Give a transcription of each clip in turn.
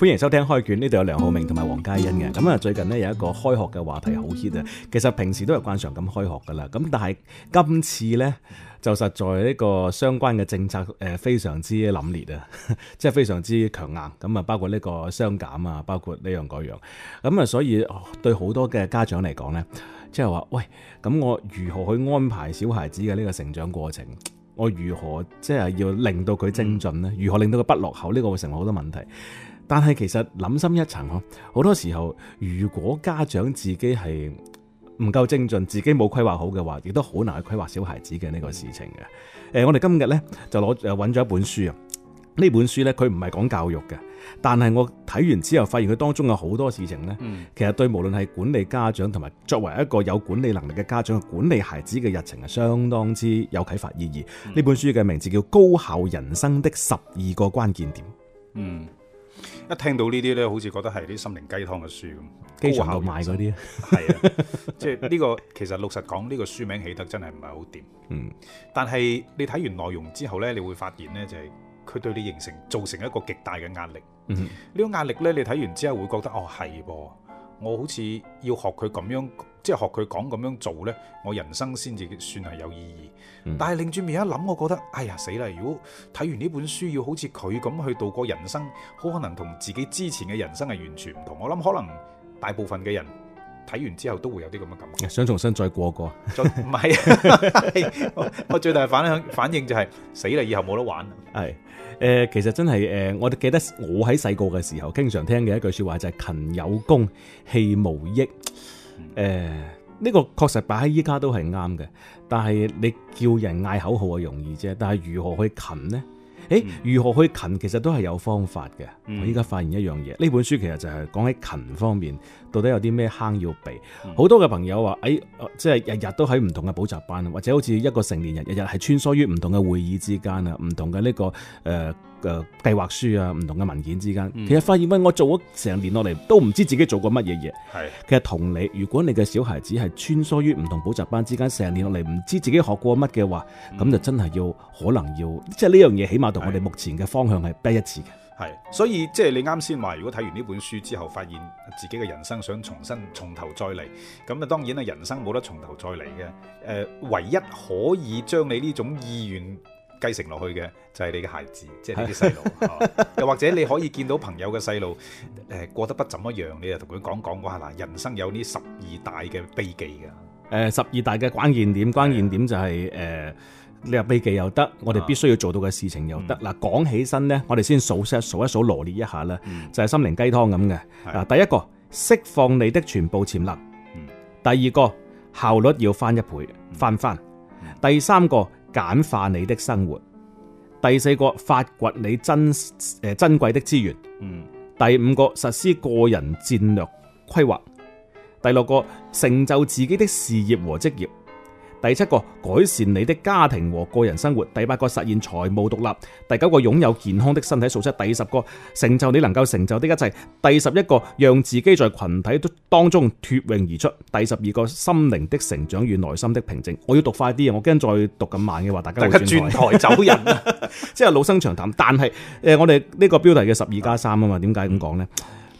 歡迎收聽開卷，呢度有梁浩明同埋黃嘉欣嘅咁啊。最近呢，有一個開學嘅話題好 hit 啊。其實平時都係慣常咁開學噶啦，咁但係今次呢，就實在呢個相關嘅政策誒，非常之凜冽啊，即係非常之強硬咁啊。包括呢個雙減啊，包括呢樣嗰樣咁啊。所以對好多嘅家長嚟講呢，即係話喂，咁我如何去安排小孩子嘅呢個成長過程？我如何即係要令到佢精進呢？如何令到佢不落後呢？呢個會成為好多問題。但係其實諗深一層嗬，好多時候如果家長自己係唔夠精進，自己冇規劃好嘅話，亦都好難去規劃小孩子嘅呢個事情嘅。誒、嗯呃，我哋今日呢，就攞咗一本書啊，呢本書呢，佢唔係講教育嘅，但係我睇完之後發現佢當中有好多事情咧、嗯，其實對無論係管理家長同埋作為一個有管理能力嘅家長管理孩子嘅日程係相當之有啟發意義。呢、嗯、本書嘅名字叫《高效人生的十二個關鍵點》。嗯。一聽到呢啲咧，好似覺得係啲心靈雞湯嘅書咁，高上度賣嗰啲，係 啊，即係呢、呢個其實，老實，老實講呢個書名起得真係唔係好掂，嗯，但係你睇完內容之後咧，你會發現咧，就係佢對你形成造成一個極大嘅壓力，嗯，呢個壓力咧，你睇完之後會覺得，哦，係噃。我好似要學佢咁樣，即係學佢講咁樣做呢。我人生先至算係有意義。嗯、但係擰轉面一諗，我覺得哎呀死啦！如果睇完呢本書，要好似佢咁去度過人生，好可能同自己之前嘅人生係完全唔同。我諗可能大部分嘅人，睇完之後都會有啲咁嘅感覺，想重新再過過再，唔係， 我最大反響反應就係、是、死啦！以後冇得玩。係、呃，誒其實真係誒、呃，我記得我喺細個嘅時候經常聽嘅一句説話就係、是、勤有功，戲無益。誒、呃、呢、這個確實擺喺依家都係啱嘅，但係你叫人嗌口號係容易啫，但係如何去勤呢？誒，如何去勤，其實都係有方法嘅。我依家發現一樣嘢，呢、嗯、本書其實就係講喺勤方面到底有啲咩坑要避。好、嗯、多嘅朋友話，誒、哎，即係日日都喺唔同嘅補習班，或者好似一個成年人日日係穿梭於唔同嘅會議之間啊，唔同嘅呢、呢個誒。呃誒，計劃書啊，唔同嘅文件之間，嗯、其實發現喂，我做咗成年落嚟，都唔知自己做過乜嘢嘢。係，其實同你，如果你嘅小孩子係穿梭於唔同補習班之間，成年落嚟唔知自己學過乜嘅話，咁、嗯、就真係要可能要，即係呢樣嘢，起碼同我哋目前嘅方向係不一致嘅。係，所以即係、就是、你啱先話，如果睇完呢本書之後，發現自己嘅人生想重新從頭再嚟，咁啊，當然啊，人生冇得從頭再嚟嘅。誒、呃，唯一可以將你呢種意願。繼承落去嘅就係、是、你嘅孩子，即係呢啲細路，是啊、 又或者你可以見到朋友嘅細路，誒過得不怎麼樣，你又同佢講講，哇嗱，人生有呢十二大嘅秘技㗎。誒、呃，十二大嘅關鍵點，關鍵點就係、是、誒、呃、你話秘技又得，我哋必須要做到嘅事情又得。嗱、啊嗯，講起身咧，我哋先數一數，數一數羅列一下啦、嗯，就係、是、心靈雞湯咁嘅。嗱，第一個釋放你的全部潛能、嗯。第二個效率要翻一倍，翻翻、嗯。第三個。.簡化你的生活。第四個，發掘你、呃、珍誒珍貴的資源。嗯。第五個，實施個人戰略規劃，第六個，成就自己的事業和職業。第七個，改善你的家庭和個人生活，第八個，實現財務獨立，第九個，擁有健康的身體素質，第十個，成就你能夠成就的一切，第十一個，讓自己在群體當中脱穎而出，第十二個，心靈的成長與內心的平靜。我要讀快啲啊！我驚再讀咁慢嘅話，大家會轉台走人啊！即係 老生常談，但係誒、呃，我哋呢個標題嘅十二加三啊嘛？點解咁講呢？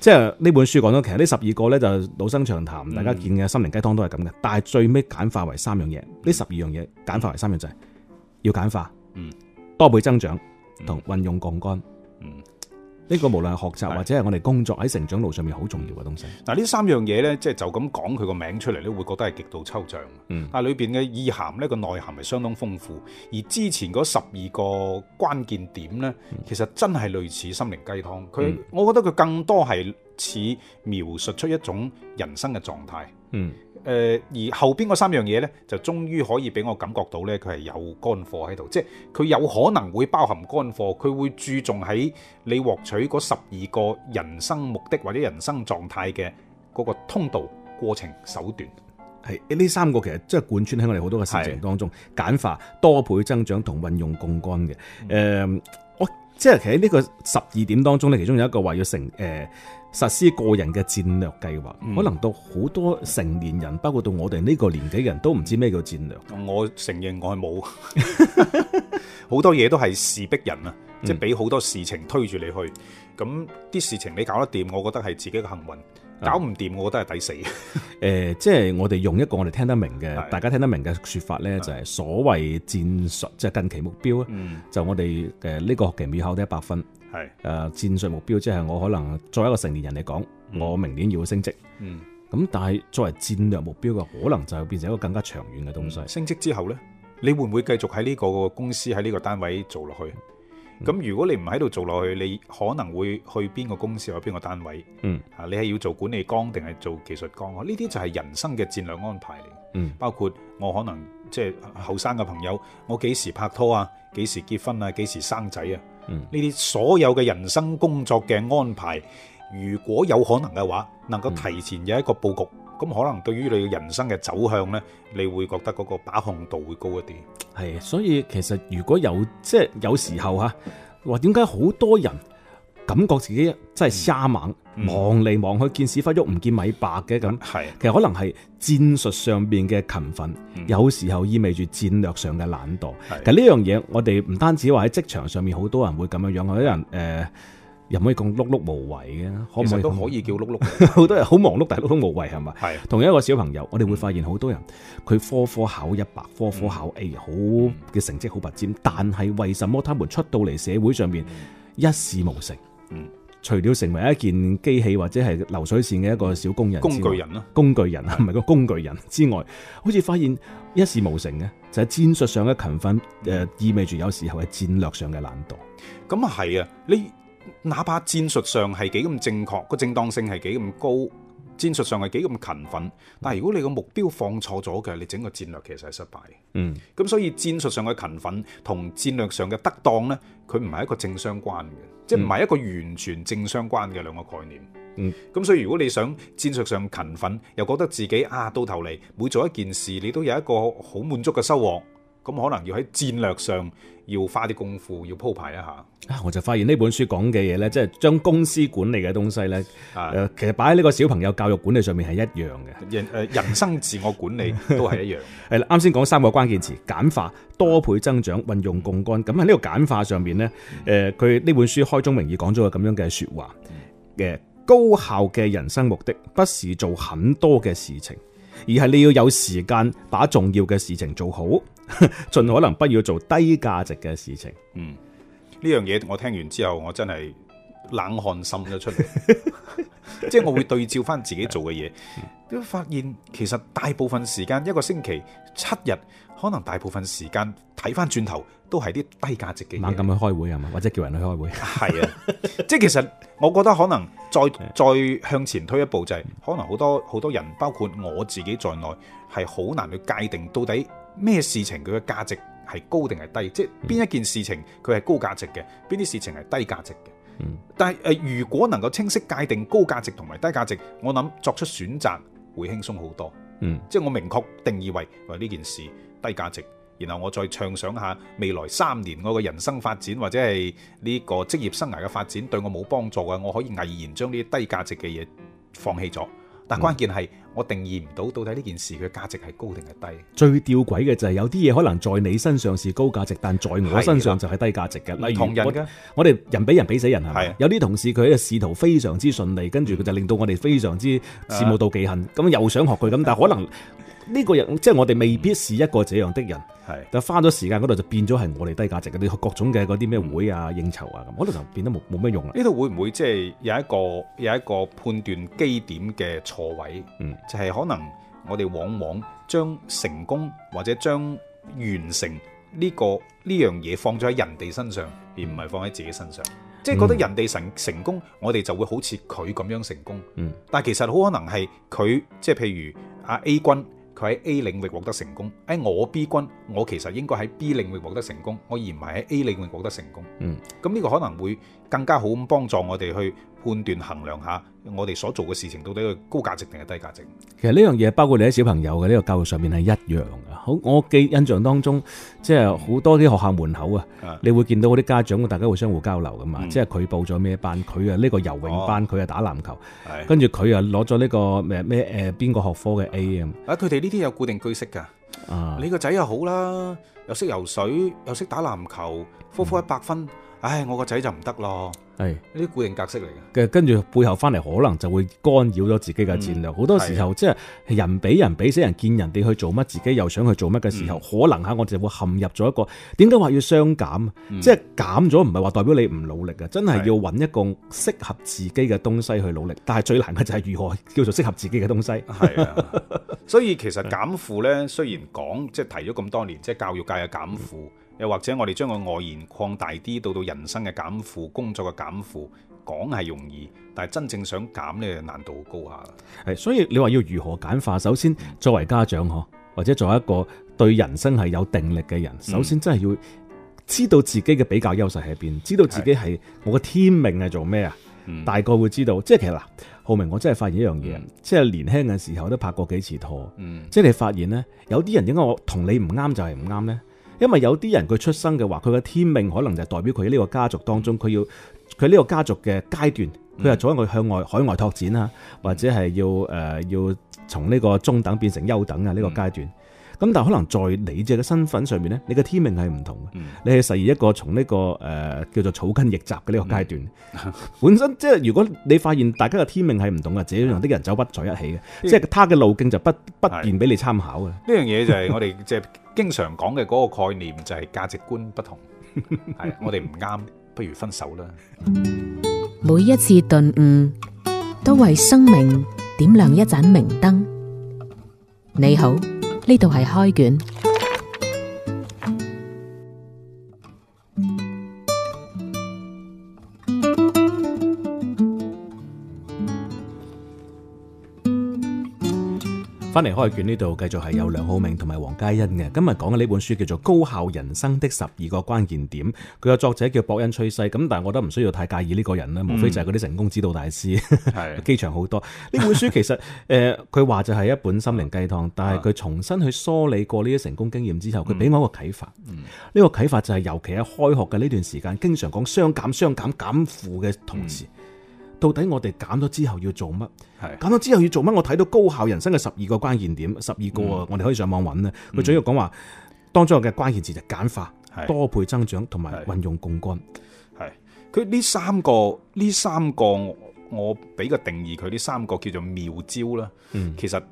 即係呢本書講到，其實呢十二個呢就老生常談，大家見嘅《心靈雞湯》都係咁嘅。但係最尾簡化為三樣嘢，呢十二樣嘢簡化為三樣就係要簡化，嗯，多倍增長同、嗯、運用槓桿，嗯，嗯。呢、這個無論係學習或者係我哋工作喺成長路上面好重要嘅東西。嗱，呢三樣嘢呢，即係就咁講佢個名出嚟咧，你會覺得係極度抽象的。嗯，啊，裏邊嘅意涵呢，個內涵係相當豐富。而之前嗰十二個關鍵點呢，其實真係類似心靈雞湯。佢、嗯，我覺得佢更多係。似描述出一種人生嘅狀態。嗯誒，而後邊嗰三樣嘢呢，就終於可以俾我感覺到呢，佢係有乾貨喺度，即係佢有可能會包含乾貨，佢會注重喺你獲取嗰十二個人生目的或者人生狀態嘅嗰個通道過程、手段，係呢三個，其實即係貫穿喺我哋好多嘅事情當中，簡化、多倍增長、同運用槓桿嘅誒。我即係喺呢個十二點當中呢，其中有一個話要成誒。呃實施個人嘅戰略計劃，嗯，可能到好多成年人，包括到我哋呢個年紀嘅人都唔知咩叫戰略。我承認我係冇，好 多嘢都係事逼人啊，嗯，即係俾好多事情推住你去。咁啲事情你搞得掂，我覺得係自己嘅幸運、嗯，搞唔掂，我覺得係抵死。誒，嗯 呃，即係我哋用一個我哋聽得明嘅，大家聽得明嘅說法咧，就係、是、所謂戰術，即、就、係、是、近期目標咧，嗯，就我哋誒呢個學期尾考得一百分。係誒、啊，戰術目標，即係我可能作為一個成年人嚟講、嗯，我明年要升職。咁、嗯、但係作為戰略目標嘅可能就變成一個更加長遠嘅東西。嗯、升職之後呢，你會唔會繼續喺呢個公司喺呢個單位做落去？咁、嗯、如果你唔喺度做落去，你可能會去邊個公司或邊個單位？嗯，啊，你係要做管理崗定係做技術崗？呢啲就係人生嘅戰略安排嚟。嗯，包括我可能即係後生嘅朋友，我幾時拍拖啊？幾時結婚啊？幾時生仔啊？嗯、呢啲所有嘅人生工作嘅安排，如果有可能嘅話，能夠提前有一個佈局，咁、嗯、可能對於你嘅人生嘅走向咧，你會覺得嗰個把控度會高一啲。係，所以其實如果有，即係有時候吓，話點解好多人？感覺自己真係瞎猛，嗯、忙嚟忙去見屎忽喐唔見米白嘅咁。係其實可能係戰術上邊嘅勤奮、嗯，有時候意味住戰略上嘅懶惰。其實呢樣嘢，我哋唔單止話喺職場上面，好多人會咁樣樣，有啲人誒、呃、又碌碌可，可以咁碌碌無為嘅，其實都可以叫碌碌。好 多人好忙碌，但係碌碌無為係咪？係同一個小朋友，我哋會發現好多人佢科科考一百，科科考 A，好嘅、嗯、成績好拔尖，但係為什麼他們出到嚟社會上面一事無成？嗯。嗯，除了成為一件機器或者係流水線嘅一個小工人、工具人啦、啊，工具人，唔係個工具人之外，好似發現一事無成嘅，就係、是、戰術上嘅勤奮，誒、嗯，意味住有時候係戰略上嘅懶惰。咁啊係啊，你哪怕戰術上係幾咁正確，個正當性係幾咁高。戰術上係幾咁勤奮，但係如果你個目標放錯咗嘅，你整個戰略其實係失敗。嗯，咁所以戰術上嘅勤奮同戰略上嘅得當呢，佢唔係一個正相關嘅，嗯，即係唔係一個完全正相關嘅兩個概念。嗯，咁所以如果你想戰術上勤奮，又覺得自己啊到頭嚟每做一件事，你都有一個好滿足嘅收穫。咁可能要喺戰略上要花啲功夫，要鋪排一下。我就發現呢本書講嘅嘢咧，即係將公司管理嘅東西咧，誒，其實擺喺呢個小朋友教育管理上面係一樣嘅。人誒，人生自我管理都係一樣。係 啦，啱先講三個關鍵詞：簡化、多倍增長、運用槓杆。咁喺呢個簡化上面咧，誒、嗯，佢、呃、呢本書開宗明義講咗個咁樣嘅說話嘅、嗯、高效嘅人生目的，不是做很多嘅事情。而係你要有時間把重要嘅事情做好， 盡可能不要做低價值嘅事情。嗯，呢樣嘢我聽完之後，我真係冷汗滲咗出嚟，即 係 我會對照返自己做嘅嘢，都、嗯、發現其實大部分時間一個星期，七日可能大部分時間睇翻轉頭都係啲低價值嘅嘢，猛咁去開會係嘛？或者叫人去開會係啊！ 即係其實我覺得可能再 再向前推一步，就係，就係可能好多好多人，包括我自己在內，係好難去界定到底咩事情佢嘅價值係高定係低，即係邊一件事情佢係高價值嘅，邊啲事情係低價值嘅。 但係誒，如果能夠清晰界定高價值同埋低價值，我諗作出選擇會輕鬆好多。嗯，即係我明確定義為，喂，呢件事低價值，然後我再暢想下未來三年我嘅人生發展或者係呢個職業生涯嘅發展對我冇幫助嘅，我可以毅然將呢啲低價值嘅嘢放棄咗。但關鍵係我定義唔到到底呢件事佢價值係高定係低。最吊詭嘅就係、是、有啲嘢可能在你身上是高價值，但在我身上就係低價值嘅。例如同我，我哋人比人比死人係有啲同事佢嘅仕途非常之順利，跟住佢就令到我哋非常之羨慕妒忌恨，咁、啊、又想學佢咁。但可能呢、這個人即係、就是、我哋未必是一個這樣的人。嗯係，但係返咗時間嗰度就變咗係我哋低價值嘅，啲各種嘅嗰啲咩會啊、應酬啊咁，嗰度就變得冇冇咩用啦。呢度會唔會即係有一個有一個判斷基點嘅錯位？嗯，就係、是、可能我哋往往將成功或者將完成呢、這個呢樣嘢放咗喺人哋身上，而唔係放喺自己身上。即、就、係、是、覺得人哋成、嗯、成功，我哋就會好似佢咁樣成功。嗯，但係其實好可能係佢，即、就、係、是、譬如阿 A 君。佢喺 A 領域獲得成功，喺我 B 君，我其實應該喺 B 領域獲得成功，我而唔係喺 A 領域獲得成功。嗯，咁呢個可能會更加好咁幫助我哋去判斷衡量下我哋所做嘅事情到底係高價值定係低價值。其實呢樣嘢包括你喺小朋友嘅呢、這個教育上面係一樣嘅。好，我記印象當中，即係好多啲學校門口啊、嗯，你會見到嗰啲家長，大家會相互交流噶嘛、嗯。即係佢報咗咩班，佢啊呢個游泳班，佢、哦、啊打籃球，的跟住佢啊攞咗呢個咩咩誒邊個學科嘅 A 咁。啊，佢哋呢啲有固定句式噶。你個仔又好啦，又識游水，又識打籃球，科科一百分。唉，我個仔就唔得咯。係呢啲固定格式嚟嘅，跟住背後翻嚟可能就會干擾咗自己嘅戰略。好、嗯、多時候即係人比人比死，人見人哋去做乜，自己又想去做乜嘅時候，嗯、可能吓我哋會陷入咗一個點解話要雙減、嗯？即係減咗唔係話代表你唔努力啊！真係要搵一個適合自己嘅東西去努力，但係最難嘅就係如何叫做適合自己嘅東西。係啊，所以其實減負呢，雖然講即係提咗咁多年，即、就、係、是、教育界嘅減負。嗯又或者我哋將個外延擴大啲，到到人生嘅減負、工作嘅減負，講係容易，但係真正想減咧難度好高下。係所以你話要如何簡化？首先作為家長嗬，或者作做一個對人生係有定力嘅人、嗯，首先真係要知道自己嘅比較優勢喺邊，知道自己係我嘅天命係做咩啊。大概會知道，嗯、即係其實嗱，浩明我真係發現一樣嘢、嗯，即係年輕嘅時候都拍過幾次拖、嗯，即係發現呢，有啲人點解我同你唔啱就係唔啱呢。因為有啲人佢出生嘅話，佢嘅天命可能就代表佢呢個家族當中，佢要佢呢個家族嘅階段，佢阻礙向外海外拓展啦，或者係要、呃、要從呢個中等變成優等啊呢、呢個階段。咁但係可能在你嘅身份上面咧，你嘅天命係唔同嘅、嗯，你係實現一個從呢、這個誒、呃、叫做草根逆襲嘅呢個階段。嗯、本身即、就、係、是、如果你發現大家嘅天命係唔同嘅，自己同啲人走不在一起嘅、嗯，即係他嘅路徑就不、嗯、不變俾你參考嘅。呢樣嘢就係我哋即係經常講嘅嗰個概念，就係價值觀不同，係 我哋唔啱， 不如分手啦。每一次頓悟都為生命點亮一盞明燈。嗯、你好。呢度係開卷。翻嚟開卷呢度，繼續係有梁浩明同埋黃嘉欣嘅。今日講嘅呢本書叫做《高效人生的十二個關鍵點》，佢個作者叫博恩崔西。咁但係我都唔需要太介意呢個人啦，無非就係嗰啲成功指導大師，嗯、 機場好多。呢本書其實誒，佢 話、呃、就係一本心靈雞湯，但係佢重新去梳理過呢啲成功經驗之後，佢俾我一個啟發。呢、嗯，這個啟發就係尤其喺開學嘅呢段時間，經常講雙減、雙減、減負嘅同時。嗯到底我哋減咗之後要做乜？減咗之後要做乜？我睇到高效人生嘅十二個關鍵點，十二個啊，我哋可以上網揾咧。佢、嗯、主要講話當中有嘅關鍵字就簡化、嗯、多倍增長同埋運用槓桿。係佢呢三個，呢三個我俾個定義，佢呢三個叫做妙招啦。嗯，其實。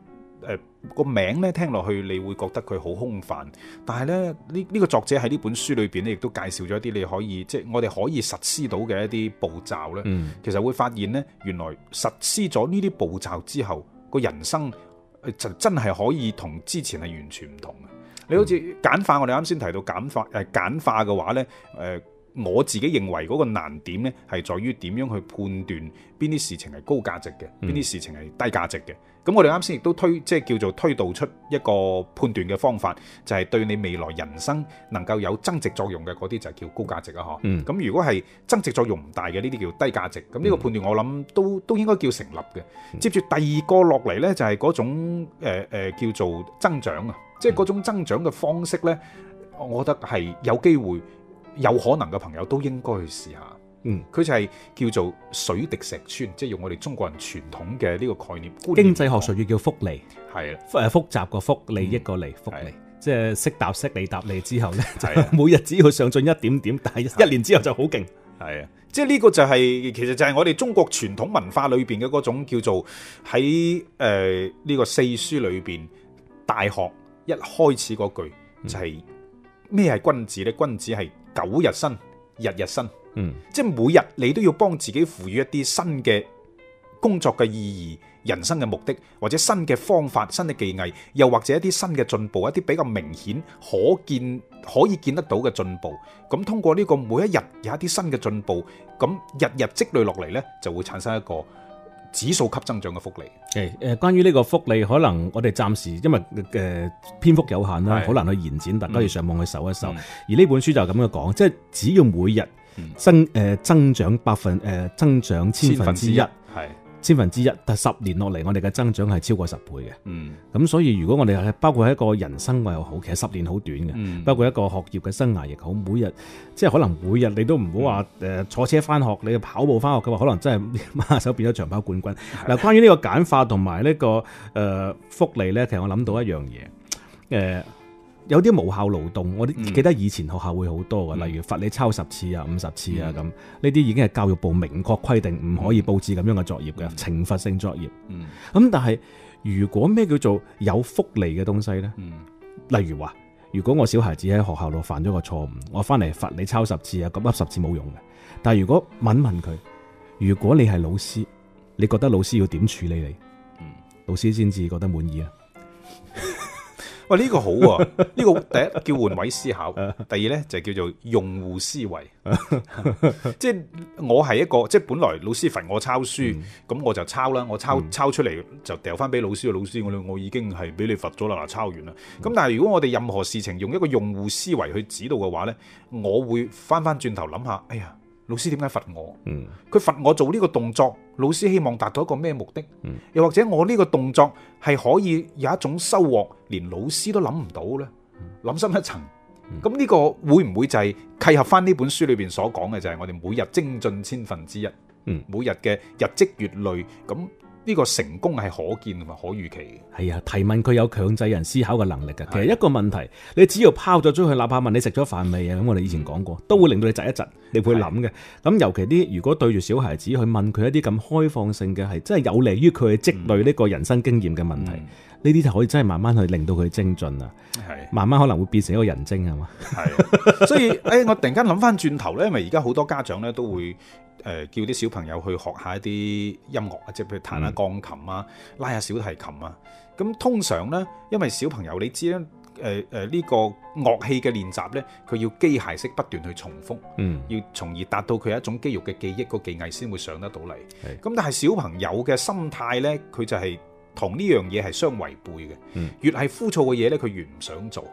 誒、呃、個名咧聽落去，你會覺得佢好空泛，但係咧呢呢、呢個作者喺呢本書裏邊咧，亦都介紹咗一啲你可以即係我哋可以實施到嘅一啲步驟咧。嗯、其實會發現咧，原來實施咗呢啲步驟之後，個人生誒就真係可以同之前係完全唔同嘅。你好似簡、簡化，我哋啱先提到簡化誒簡化嘅話咧誒。呃我自己認為嗰個難點呢，係在於點樣去判斷邊啲事情係高價值嘅，邊、嗯、啲事情係低價值嘅。咁我哋啱先亦都推，即、就、係、是、叫做推導出一個判斷嘅方法，就係、是、對你未來人生能夠有增值作用嘅嗰啲就係叫高價值啊！嗬、嗯。咁如果係增值作用唔大嘅呢啲叫低價值。咁呢個判斷我諗都、嗯、都應該叫成立嘅、嗯。接住第二個落嚟呢，就係嗰種誒誒叫做增長啊，即係嗰種增長嘅方式呢、嗯，我覺得係有機會。有可能嘅朋友都應該去試下。嗯，佢就係叫做水滴石穿，即係用我哋中國人傳統嘅呢個概念。經濟學術語叫叫複利，係誒複雜個複，利益個利，複利即係識答識利答利之後呢，就 每日只要上進一點點，但係一年之後就好勁。係啊，即係呢個就係其實就係我哋中國傳統文化裏邊嘅嗰種叫做喺誒呢個四書裏邊《大學》一開始嗰句就係咩係君子呢？君子係。九日新，日日新。嗯，即係每日你都要幫自己賦予一啲新嘅工作嘅意義、人生嘅目的，或者新嘅方法、新嘅技藝，又或者一啲新嘅進步，一啲比較明顯、可見可以見得到嘅進步。咁通過呢個每一日有一啲新嘅進步，咁日日積累落嚟呢，就會產生一個。指數級增長嘅福利。誒誒，關於呢個福利，可能我哋暫時因為誒篇幅有限啦，好難去延展。大家要上網去搜一搜。嗯、而呢本書就係咁樣講，即係只要每日增誒、呃、增長百分誒、呃、增長千分之一，係。千分之一，但十年落嚟，我哋嘅增長係超過十倍嘅。嗯，咁所以如果我哋係包括一個人生又好，其實十年好短嘅。嗯、包括一個學業嘅生涯亦好，每日即係可能每日你都唔好話誒坐車返學，你跑步返學嘅話，可能真係馬上變咗長跑冠軍。嗱，關於呢個簡化同埋呢個誒、呃、福利呢，其實我諗到一樣嘢誒，呃有啲無效勞動，我記得以前學校會好多嘅、嗯，例如罰你抄十次啊、五、嗯、十次啊咁，呢啲已經係教育部明確規定唔可以佈置咁樣嘅作業嘅、嗯、懲罰性作業。咁、嗯、但係如果咩叫做有福利嘅東西呢、嗯？例如話，如果我小孩子喺學校度犯咗個錯誤，嗯、我翻嚟罰你抄十次啊，咁噏十次冇用嘅。但係如果問問佢，如果你係老師，你覺得老師要點處理你？嗯、老師先至覺得滿意啊。喂，呢、這個好喎、啊，呢個第一叫換位思考，第二咧就叫做用戶思維，即 我係一個即、就是、本來老師罰我抄書，咁、嗯、我就抄啦，我抄抄出嚟就掉翻俾老師，老師我我已經係俾你罰咗啦，抄完啦。咁、嗯、但係如果我哋任何事情用一個用戶思維去指導嘅話咧，我會翻翻轉頭諗下，哎呀！老師點解罰我？佢罰我做呢個動作，老師希望達到一個咩目的？又或者我呢個動作係可以有一種收穫，連老師都諗唔到呢？諗深一層，咁呢個會唔會就係契合返呢本書裏邊所講嘅？就係我哋每日精進千分之一，每日嘅日積月累咁。呢、這個成功係可見同埋可預期嘅。係啊，提問佢有強制人思考嘅能力嘅、啊。其實一個問題，你只要拋咗出去，哪怕問你食咗飯未啊，咁我哋以前講過、嗯，都會令到你窒一窒，你會諗嘅。咁、啊、尤其啲，如果對住小孩子去問佢一啲咁開放性嘅，係真係有利於佢積累呢個人生經驗嘅問題，呢、嗯、啲就可以真係慢慢去令到佢精進啊。係，慢慢可能會變成一個人精係嘛。係、啊， 所以誒、哎，我突然間諗翻轉頭咧，因為而家好多家長咧都會。誒叫啲小朋友去學下一啲音樂啊，即係譬如彈下鋼琴啊，拉下小提琴啊。咁通常咧，因為小朋友你知咧，誒誒呢個樂器嘅練習咧，佢要機械式不斷去重複，嗯，要從而達到佢一種肌肉嘅記憶，個技藝先會上得到嚟。咁但係小朋友嘅心態咧，佢就係同呢樣嘢係相違背嘅，越係枯燥嘅嘢咧，佢越唔想做。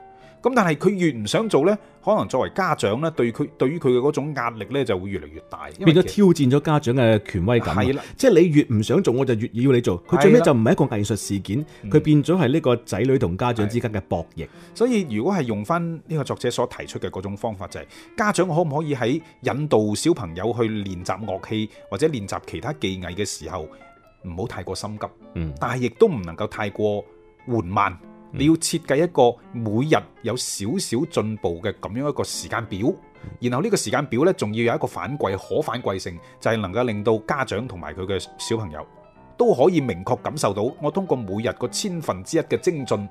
咁但係佢越唔想做呢，可能作為家長呢，對佢對於佢嘅嗰種壓力呢，就會越嚟越大，變咗挑戰咗家長嘅權威感。係即係你越唔想做，我就越要你做。佢最尾就唔係一個藝術事件，佢變咗係呢個仔女同家長之間嘅博弈。所以如果係用翻呢個作者所提出嘅嗰種方法，就係家長可唔可以喺引導小朋友去練習樂器或者練習其他技藝嘅時候，唔好太過心急。嗯，但係亦都唔能夠太過緩慢。你要設計一個每日有少少進步嘅咁樣一個時間表，然後呢個時間表呢，仲要有一個反饋可反饋性，就係、是、能夠令到家長同埋佢嘅小朋友都可以明確感受到，我通過每日個千分之一嘅精進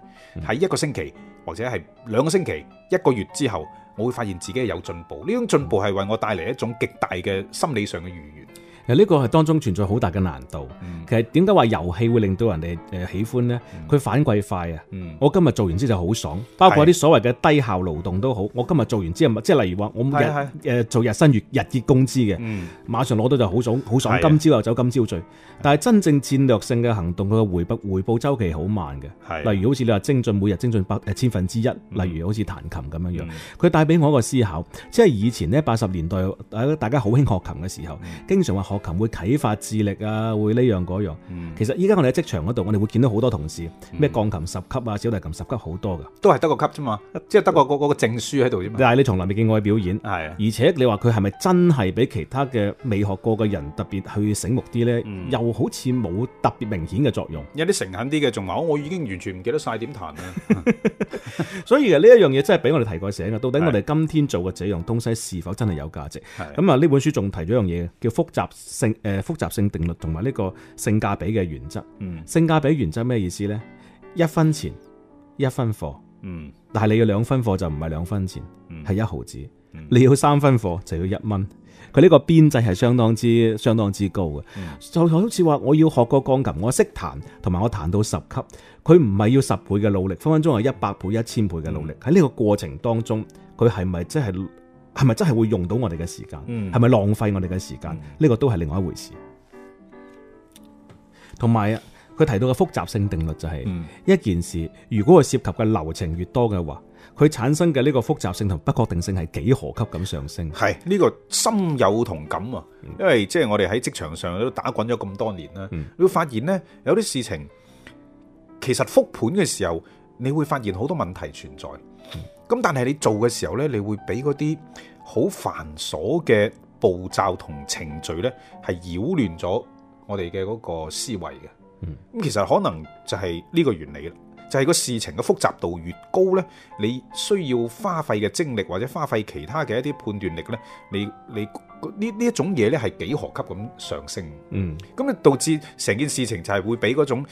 喺一個星期或者係兩個星期、一個月之後，我會發現自己有進步。呢種進步係為我帶嚟一種極大嘅心理上嘅愉悅。呢、這個係當中存在好大嘅難度。嗯、其實點解話遊戲會令到人哋誒喜歡呢？佢、嗯、反饋快啊、嗯！我今日做完之後好爽，包括啲所謂嘅低效勞動都好，我今日做完之後，即係例如話我日、呃、做日薪月日結工資嘅、嗯，馬上攞到就好爽，好爽。今朝有酒今朝醉。是但係真正戰略性嘅行動，佢嘅回報回報週期好慢嘅。例如好似你話精進，每日精進百千分之一。嗯、例如好似彈琴咁樣樣，佢帶俾我一個思考，即係以前呢八十年代大家好興學琴嘅時候，嗯、經常話學琴會啟發智力啊，會呢樣嗰樣、嗯。其實依家我哋喺職場嗰度，我哋會見到好多同事，咩、嗯、鋼琴十級啊，小提琴十級好多噶，都係得個級啫嘛，即係得個嗰個嗰個證書喺度啫嘛。但係你從來未見過佢表演，係而且你話佢係咪真係比其他嘅未學過嘅人特別去醒目啲咧、嗯？又好似冇特別明顯嘅作用。有啲誠懇啲嘅仲話，我已經完全唔記得晒點彈啦。 所以呢一樣嘢真係俾我哋提過醒嘅，到底我哋今天做嘅呢樣東西是否真係有價值？咁啊，呢本書仲提咗樣嘢叫複雜。性誒，複雜性定律同埋呢個性價比嘅原則。嗯，性價比原則咩意思呢？一分錢一分貨。嗯，但係你要兩分貨就唔係兩分錢，係、嗯、一毫子、嗯。你要三分貨就要一蚊。佢呢個邊際係相當之、相當之高嘅、嗯。就好似話，我要學個鋼琴，我識彈同埋我彈到十級，佢唔係要十倍嘅努力，分分鐘係一百倍、一千倍嘅努力。喺、嗯、呢個過程當中，佢係咪即係？係咪真係會用到我哋嘅時間？係、嗯、咪浪費我哋嘅時間？呢個都係另外一回事。同埋啊，佢提到嘅複雜性定律就係、是嗯、一件事，如果佢涉及嘅流程越多嘅話，佢產生嘅呢個複雜性同不確定性係幾何級咁上升。係呢、這個深有同感啊、嗯！因為即係我哋喺職場上都打滾咗咁多年啦、嗯，你會發現呢，有啲事情其實覆盤嘅時候，你會發現好多問題存在。咁、嗯、但係你做嘅時候呢，你會俾嗰啲好繁瑣嘅步驟同程序呢，係擾亂咗我哋嘅嗰個思維嘅。嗯，咁其實可能就係呢個原理啦，就係、是、個事情嘅複雜度越高呢，你需要花費嘅精力或者花費其他嘅一啲判斷力呢，你你呢呢一,一種嘢呢係幾何級咁上升的。嗯，咁啊導致成件事情就係會俾嗰種。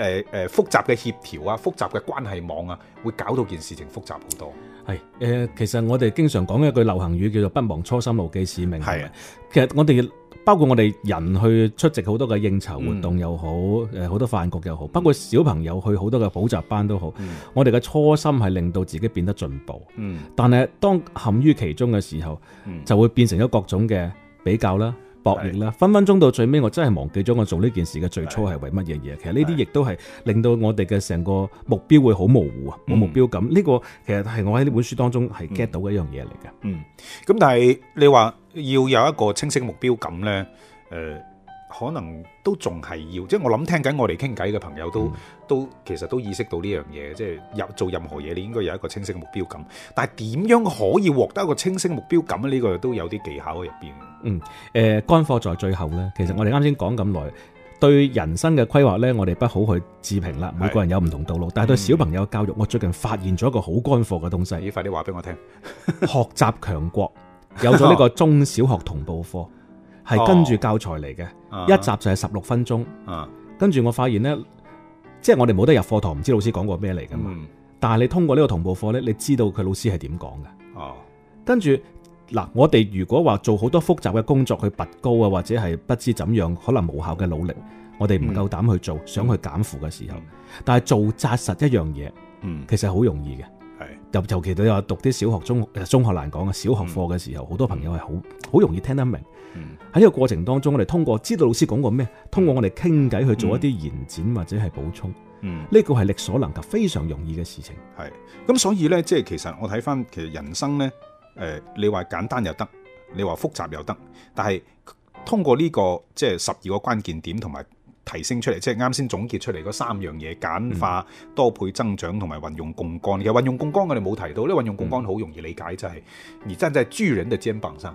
誒複雜嘅協調啊，複雜嘅關係網啊，會搞到件事情複雜好多，呃。其實我哋經常講一句流行語叫做不忘初心，牢記使命。啊，其實我哋包括我哋人去出席好多嘅應酬活動又好，誒、嗯、好多飯局又好，包括小朋友去好多嘅補習班都好，嗯、我哋嘅初心係令到自己變得進步。嗯，但係當陷於其中嘅時候，嗯、就會變成咗各種嘅比較啦。博弈啦，分分鐘到最尾，我真係忘記咗我做呢件事嘅最初係為乜嘢嘢。其實呢啲亦都係令到我哋嘅成個目標會好模糊啊，冇目標感。呢、嗯呢個其實係我喺呢本書當中係 get 到嘅一樣嘢嚟嘅。嗯，咁、嗯嗯、但係你話要有一個清晰目標感咧，誒、呃。可能都仲係要，即係我諗聽緊我哋傾偈嘅朋友都、嗯、都其實都意識到呢樣嘢，即係有做任何嘢你應該有一個清晰嘅目標感。但係點樣可以獲得一個清晰目標感呢？呢、這個都有啲技巧喺入邊。嗯，誒、呃，乾貨在最後咧。其實我哋啱先講咁耐，對人生嘅規劃咧，我哋不好去置評啦。每個人有唔同道路，但係對小朋友教育、嗯，我最近發現咗一個好乾貨嘅東西。你快啲話俾我聽。 學習強國有咗呢個中小學同步課。係跟住教材嚟嘅，哦啊，一集就係十六分鐘。啊、跟住我發現呢，即、就、係、是、我哋冇得入課堂，唔知老師講過咩嚟噶嘛。嗯、但係你通過呢個同步課呢，你知道佢老師係點講嘅哦，跟住嗱，我哋如果話做好多複雜嘅工作，去拔高啊，或者係不知怎樣可能無效嘅努力，我哋唔夠膽去做，嗯，想去減負嘅時候，嗯、但係做扎實一樣嘢，嗯，其實好容易嘅。尤其到有讀啲小學、中誒中學難講嘅小學課嘅時候，好、嗯、多朋友係好好容易聽得明。喺、嗯、呢個過程當中，我哋通過知道老師講過咩，通過我哋傾偈去做一啲延展或者係補充。嗯，呢個係力所能及，非常容易嘅事情。係咁，所以呢，即係其實我睇返，其實人生呢，誒、呃，你話簡單又得，你話複雜又得，但係通過呢、這個即係十二個關鍵點同埋提升出嚟，即係啱先總結出嚟嗰三樣嘢，簡化、多倍增長同埋運用槓桿。其實運用槓桿我哋冇提到，呢運用槓桿好容易理解，就係而真在巨人的肩膀上。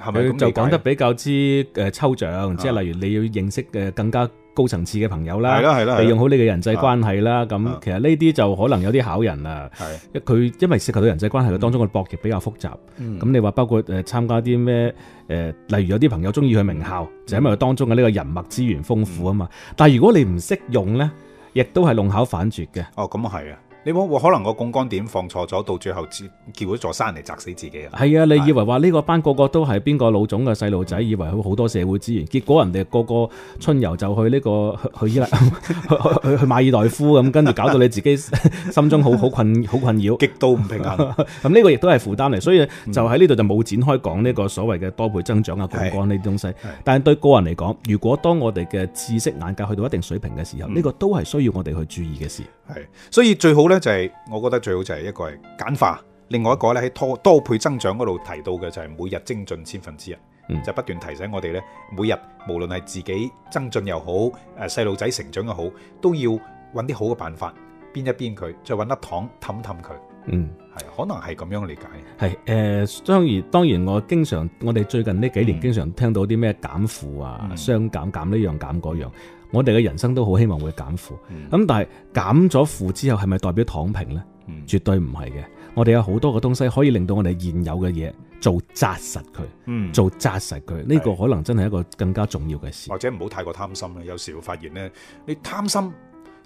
佢就講得比較之誒抽象，即係、就是、例如你要認識誒更加高層次嘅朋友啦，利用好你嘅人際關係啦。咁其實呢啲就可能有啲考人啊。係佢因為涉及到人際關係，佢當中嘅博弈比較複雜，咁你話包括誒參加啲咩誒，例如有啲朋友中意去名校，就是、因為佢當中嘅呢個人脈資源豐富啊嘛。但係如果你唔識用咧，亦都係弄巧反拙嘅。哦，咁啊係啊。你冇可能個槓桿點放錯咗，到最後叫一座山嚟砸死自己啊！係啊，你以為話呢個班個個都係邊個老總嘅細路仔，以為好好多社會資源，結果人哋個個春遊就去呢個去伊拉克、去去，去，去，去，去馬爾代夫咁，跟住搞到你自己 心中好好困、好困擾、極度唔平衡。咁呢個亦都係負擔嚟，所以就喺呢度就冇展開講呢個所謂嘅多倍增長啊、槓桿呢啲東西。但係對個人嚟講，如果當我哋嘅知識眼界去到一定水平嘅時候，呢個都係需要我哋去注意嘅事。係，所以最好。咧就係，我覺得最好就係一個係簡化，另外一個咧喺多多倍增長嗰度提到嘅就係每日精進千分之一，嗯、就係、不斷提醒我哋咧，每日無論係自己精進又好，誒細路仔成長又好，都要揾啲好嘅辦法，鞭一鞭佢，再揾粒糖氹氹佢。嗯，係，可能係咁樣理解嘅。係，誒、呃，當然當然，我經常我哋最近呢幾年經常聽到啲咩減負啊，雙減減呢樣減嗰樣。我哋嘅人生都好希望會減負，咁、嗯、但係減咗負之後係咪代表躺平呢？嗯、絕對唔係嘅。我哋有好多嘅東西可以令到我哋現有嘅嘢做紮實佢，嗯、做紮實佢。呢個可能真係一個更加重要嘅事。或者唔好太過貪心啦，有時會發現呢，你貪心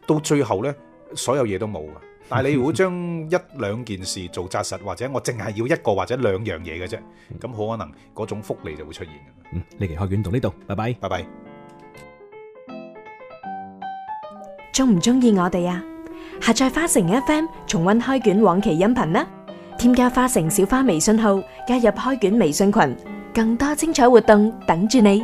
到最後呢，所有嘢都冇噶。但係你如果將一兩件事做紮實，或者我淨係要一個或者兩樣嘢嘅啫，咁好可能嗰種福利就會出現嘅。嗯，呢期開卷讀呢度，拜拜，拜拜。鍾唔鍾意我哋呀？下載花城 FM 重溫開卷往期音頻啦！添加花城小花微信號，加入開卷微信群，更多精彩活動等住你。